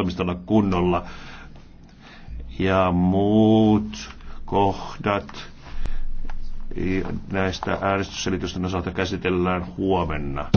valmistella kunnolla. Ja muut kohdat näistä äänestysselitysten osalta käsitellään huomenna.